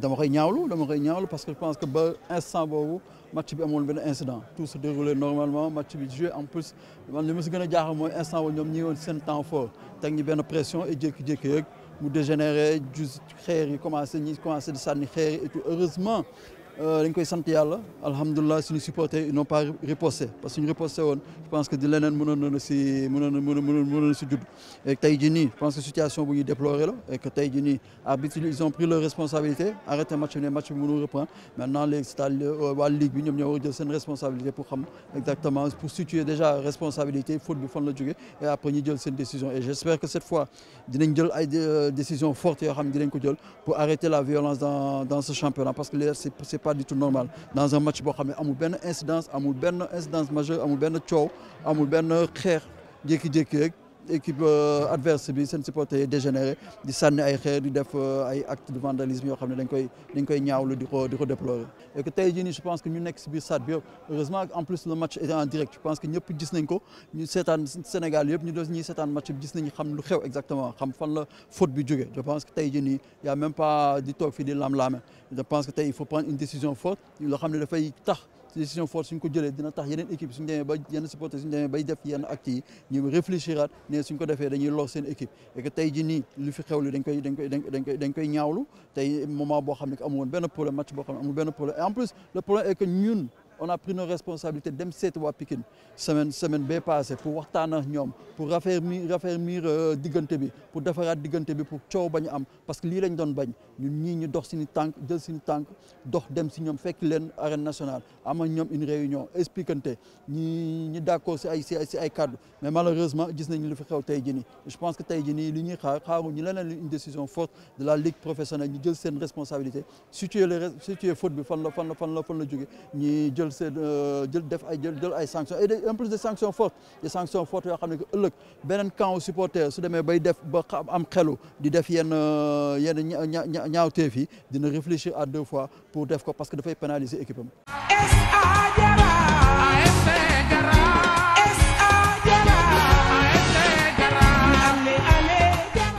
dama koy ñaawlu dama parce que je pense que ba instant boobu match bi amoon benn incident tout se déroulait normalement match bi joué en plus man li ma si gën a jaaxal instant boobu ñoom ñi ngi woon temps fort teg ñi benn pression et jékki-jékki rek mu dégénéré ju xeer yi commencer, commencer de di sànni et tout heureusement euh, dañ koy sant yàlla alhamdulilah suñu supporter ils n'ont pas reposé. parce que suñu riposté je pense que di leneen mënoon na si mënoon na mënoon na si et tey jii je pense que situation bu ñuy déplorer et que tey jii ils ont pris leur responsabilité le match le match bi mënul reprendre maintenant les cest à euh, ligue bi ñoo a jël seen responsabilité pour xam exactement pour situer déjà responsabilité faute bi fan la jógee et après ñu jël seen décision et j'espère que cette fois dinañ jël ay euh, décision forte yoo xam ko jël pour arrêter la violence dans dans ce championnat parce que c'est pas du tout normal dans un match il y a amul incidence amul incidence majeure amul benn coow amul benn xeex équipe euh, adverse bi sen supporter dégénéré di sanni ay xeer di def euh, ay acte de vandalisme yo xamné dañ koy dañ koy ñaawlu di ko di ko déplorer et que tey jii je pense que ñu nek ci biir stade bi heureusement en plus le match était en direct je pense que ñepp gis nañ ko ñu sétane Sénégal yépp ñu do ñi sétane match bi gis nañ xam lu xew exactement xam fan la faute bi jógee je pense que tey jii nii y a même pas di toog fi di lam lamé je pense que tay il faut prendre une décision forte lo xamné da fay tax décision forte suñ ko jëlee dina tax yenen équipe suñ démé ba yenn supporter suñ démé bay def yenn acte yi ñu réfléchiraat né suñ ko défé dañuy lox seen équipe et que tay ji ni lu fi xewlu dañ koy dañ koy dañ koy dañ koy ñaawlu tay moment bo xam ne que amul woon problème match bo xam ne amul benn problème et en plus le problème est que ñun on a pris nos responsabilités dem seeti waa Pikine semaine semaine B passé pour waxtaan ak ñoom pour raffermir raffermir euh, diggante bi pour defaraat diggante bi pour coow bañu am parce que li lañ doon bañ ñun ñi ñu dox suñu Tank. jël suñu tank dox dem si ñom fekk leen arène nationale ama ñom une réunion expliquante ñi ñi d'accord ci ay ci ay si mais malheureusement gis nañ lu fi xew tay jini je pense que tay jini nii li ñuy xaar xaaru ñu une décision forte de la ligue professionnelle ñu jël sen responsabilité situer le situer faute bi fan la fan la fan la fan la jóge ñi jël c'est seen euh, def sanctions et en plus de sanctions fortes des sanctions fortes yoo xam ne que ëllëg camp supporter su bay def ba am di def yenn euh, yenn réfléchir à deux fois pour def ko parce que dafay pénaliser équipe